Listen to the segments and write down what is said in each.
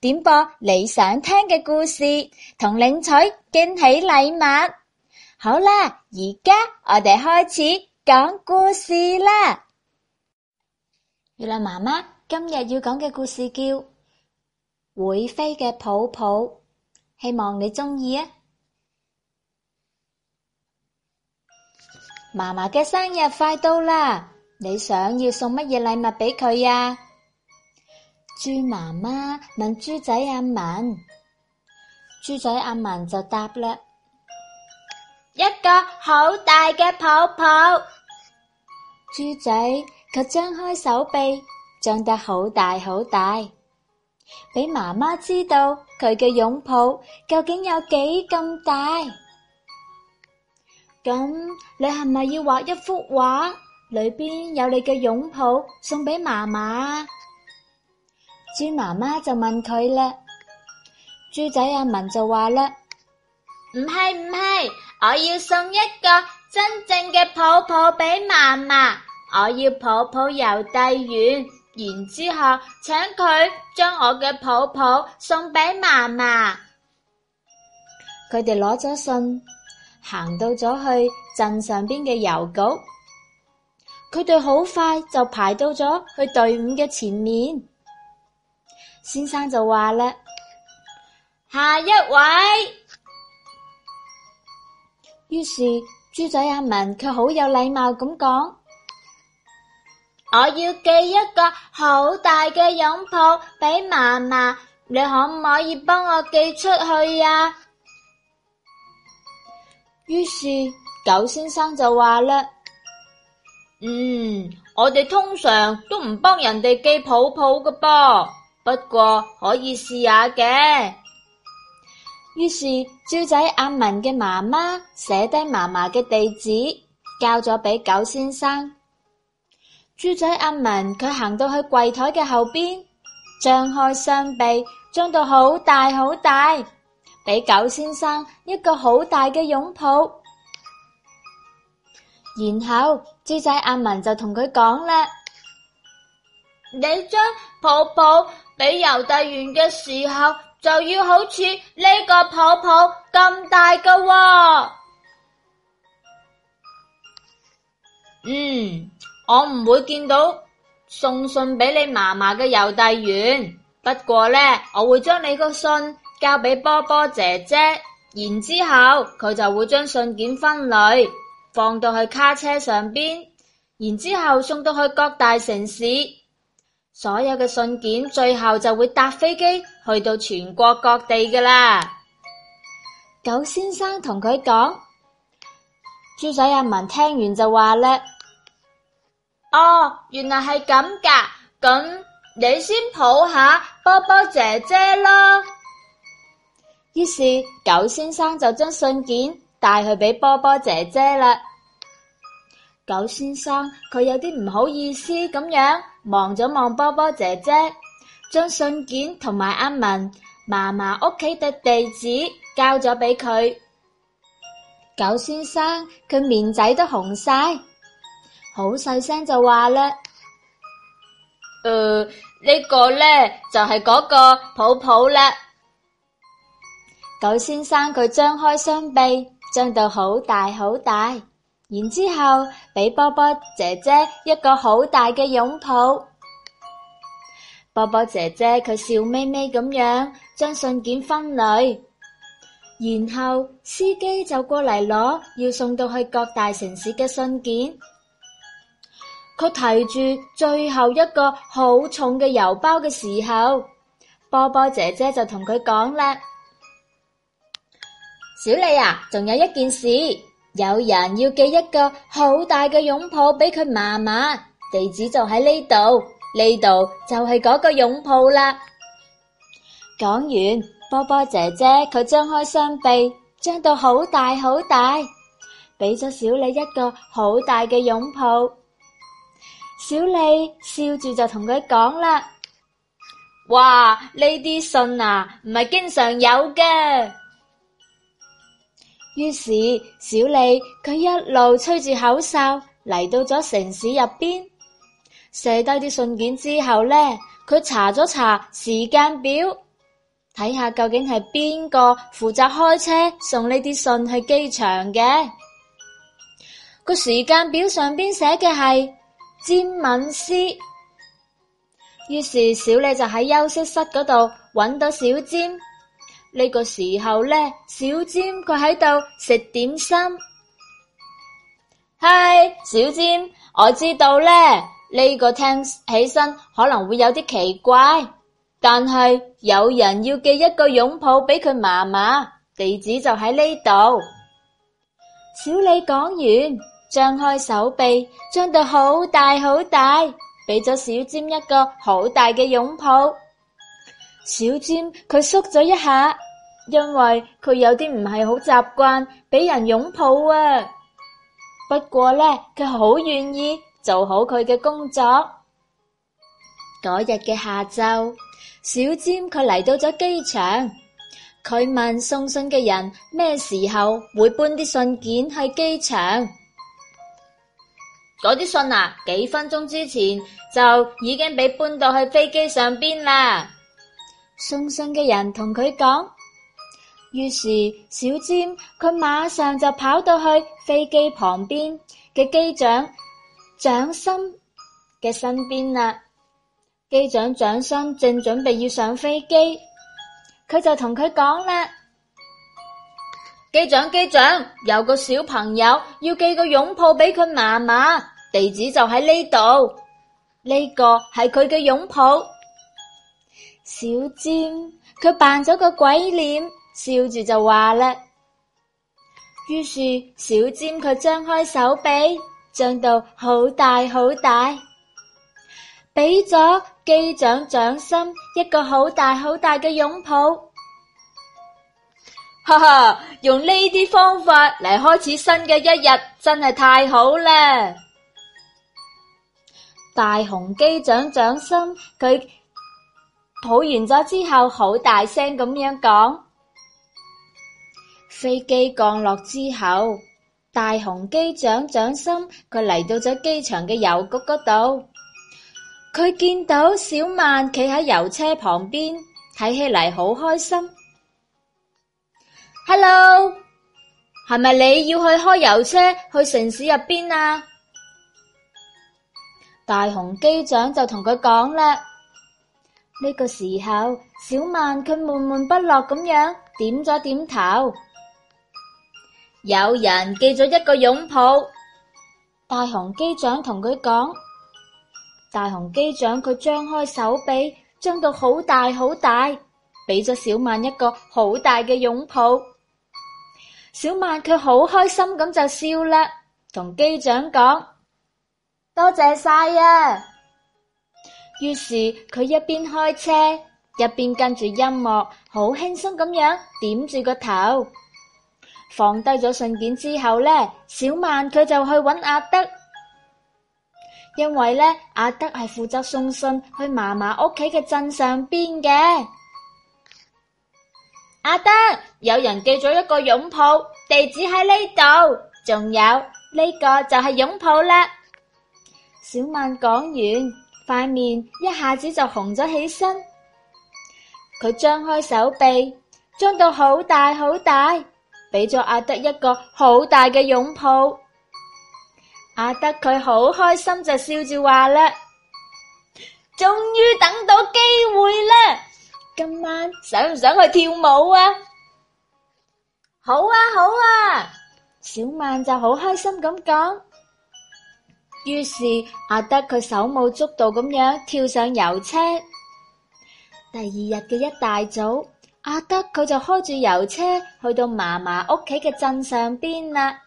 點播你想聽嘅故事，同領取驚喜禮物。好啦，而家我哋開始講故事啦。月亮媽媽今日要講嘅故事叫《會飛嘅抱抱》，希望你鍾意啊！媽媽嘅生日快到啦，你想要送乜嘢禮物俾佢呀？豬媽媽問豬仔阿文，豬仔阿文就答啦：一個好大嘅抱抱。豬仔佢張開手臂，長得好大好大，俾媽媽知道佢嘅擁抱究竟有幾咁大。咁你係咪要畫一幅畫，裏邊有你嘅擁抱送俾媽媽豬媽媽就問佢啦，豬仔阿文就話啦：唔係唔係，我要送一個真正嘅抱抱俾嫲嫲，我要抱抱郵遞員，然之後請佢將我嘅抱抱送俾嫲嫲。佢哋攞咗信，行到咗去鎮上邊嘅郵局，佢哋好快就排到咗去隊伍嘅前面。先生就話咧，下一位。於是豬仔阿文佢好有禮貌咁講：我要寄一個好大嘅擁抱俾嫲嫲，你可唔可以幫我寄出去呀？於是狗先生就話啦：嗯，我哋通常都唔幫人哋寄抱抱㗎噃。不過可以試下嘅。於是豬仔阿文嘅媽媽寫低嫲嫲嘅地址，交咗俾狗先生。豬仔阿文佢行到去櫃台嘅後邊，張開雙臂，張到好大好大，俾狗先生一個好大嘅擁抱。然後豬仔阿文就同佢講啦：你將抱抱，俾郵遞員嘅時候就要好似呢個抱抱咁大嘅喎。哦。嗯，我唔會見到送信俾你嫲嫲嘅郵遞員。不過呢，我會將你個信交俾波波姐姐，然之後佢就會將信件分類放到去卡車上邊，然之後送到去各大城市。所有嘅信件最後就會搭飛機去到全國各地噶啦。狗先生同佢講，豬仔阿文聽完就話咧：哦，原來係咁噶，咁你先抱下波波姐姐啦。於是狗先生就將信件帶去俾波波姐姐啦。狗先生佢有啲唔好意思咁樣。望咗望波波姐姐，將信件同埋阿文嫲嫲屋企嘅地址交咗俾佢。狗先生佢面仔都紅晒，好細聲就話啦：呃，呢個呢，就係嗰個抱抱啦。狗先生佢張開雙臂，張到好大好大。然之後，俾波波姐姐一個好大嘅擁抱。波波姐姐佢笑眯眯咁樣將信件分類，然後司機就過嚟攞要送到去各大城市嘅信件。佢提住最後一個好重嘅郵包嘅時候，波波姐姐就同佢講啦：小李啊，仲有一件事。有人要寄一個好大嘅擁抱俾佢嫲嫲，地址就喺呢度，呢度就係嗰個擁抱啦。講完，波波姐姐佢張開雙臂，張到好大好大，俾咗小李一個好大嘅擁抱。小李笑住就同佢講啦：哇，呢啲信啊，唔係經常有嘅。於是小李佢一路吹住口哨嚟到咗城市入邊，寫低啲信件之後呢，佢查咗查時間表，睇下究竟係邊個負責開車送呢啲信去機場嘅。個時間表上邊寫嘅係詹敏斯。於是小李就喺休息室嗰度揾到小詹。呢個時候呢，小占佢喺度食點心。係小占，我知道呢，呢、呢個聽起身可能會有啲奇怪，但係有人要寄一個擁抱俾佢嫲嫲，地址就喺呢度。小李講完，張開手臂，張到好大好大，俾咗小占一個好大嘅擁抱。小占佢縮咗一下，因為佢有啲唔係好習慣俾人擁抱啊。不過呢，佢好願意做好佢嘅工作。嗰日嘅下晝，小占佢嚟到咗機場，佢問送信嘅人咩時候會搬啲信件去機場。嗰啲信啊，幾分鐘之前就已經俾搬到去飛機上邊啦。送信嘅人同佢講，於是小占佢馬上就跑到去飛機旁邊嘅機長掌心嘅身邊啦。機長掌心正準備要上飛機，佢就同佢講啦：機長，機長，有個小朋友要寄個擁抱俾佢嫲嫲，地址就喺呢度，呢、呢個係佢嘅擁抱。小尖佢扮咗個鬼臉，笑住就話啦。於是小尖佢張開手臂，脹到好大好大，俾咗機長掌心一個好大好大嘅擁抱。哈哈，用呢啲方法嚟開始新嘅一日，真係太好啦！大雄機長掌心佢。抱完咗之後，好大聲咁樣講。飛機降落之後，大雄機長掌心佢嚟到咗機場嘅郵局嗰度，佢見到小曼企喺郵車旁邊，睇起嚟好開心。Hello，係咪你要去開郵車去城市入邊啊？大雄機長就同佢講啦。呢個時候，小曼佢悶悶不樂咁樣，點咗點頭。有人寄咗一個擁抱，大雄機長同佢講。大雄機長佢張開手臂，張到好大好大，俾咗小曼一個好大嘅擁抱。小曼佢好開心咁就笑啦，同機長講，多謝晒啊！於是佢一邊開車，一邊跟住音樂，好輕鬆咁樣點住個頭。放低咗信件之後呢，小曼佢就去搵阿德，因為呢，阿德係負責送信去嫲嫲屋企嘅鎮上邊嘅。阿德，有人寄咗一個擁抱，地址喺呢度，仲有呢個就係擁抱啦。小曼講完。塊面一下子就紅咗起身，佢張開手臂，張到好大好大，俾咗阿德一個好大嘅擁抱。阿德佢好開心就笑住話啦：「終於等到機會啦！今晚想唔想去跳舞啊？」好啊，好啊！小曼就好開心咁講。於是阿德佢手舞足蹈咁樣跳上郵車。第二日嘅一大早，阿德佢就開住郵車去到嫲嫲屋企嘅鎮上邊啦。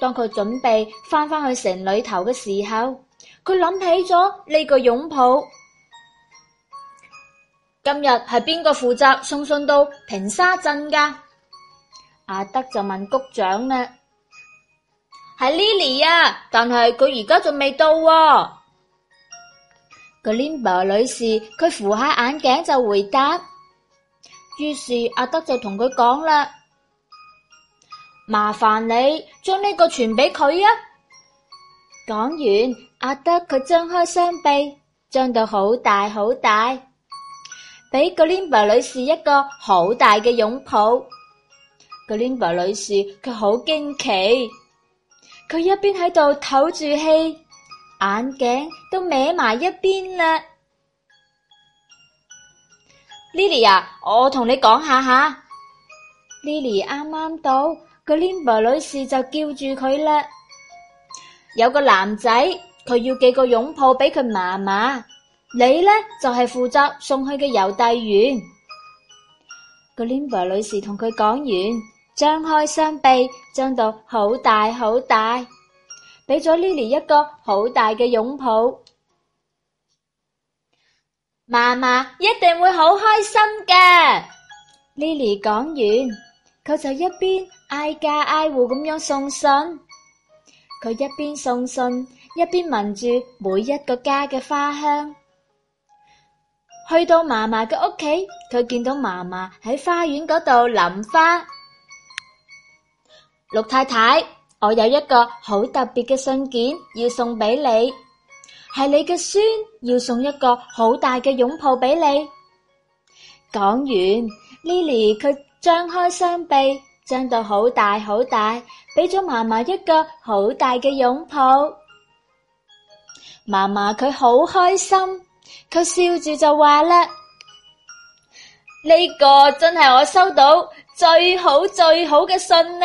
當佢準備返返去城裏頭嘅時候，佢諗起咗呢個擁抱。今日係邊個負責送信到平沙鎮㗎？阿德就問局長啦。係 Lily 啊，但係佢而家仲未到喎。個 Limba 女士佢扶下眼鏡就回答，於是阿德就同佢講啦：麻煩你將呢個傳俾佢啊！講完，阿德佢張開雙臂，張到好大好大，俾個 Limba 女士一個好大嘅擁抱。個 Limba 女士佢好驚奇。佢一邊喺度唞住氣，眼鏡都歪埋一邊啦。Lily 啊，我同你講下吓。Lily 啱啱到，個 Limber 女士就叫住佢啦。有個男仔，佢要寄個擁抱俾佢嫲嫲，你呢，就係、是、負責送去嘅郵遞員。個 Limber 女士同佢講完。張開雙臂，張到好大好大，俾咗 Lily 一個好大嘅擁抱。媽媽一定會好開心嘅。Lily 講完，佢就一邊挨家挨戶咁樣送信，佢一邊送信，一邊聞住每一個家嘅花香。去到嫲嫲嘅屋企，佢見到嫲嫲喺花園嗰度淋花。陸太太，我有一個好特別嘅信件要送俾你，係你嘅孫要送一個好大嘅擁抱俾你。講完，Lily 佢張開雙臂，張到好大好大，俾咗媽媽一個好大嘅擁抱。媽媽佢好開心，佢笑住就話啦：呢個真係我收到最好最好嘅信呢！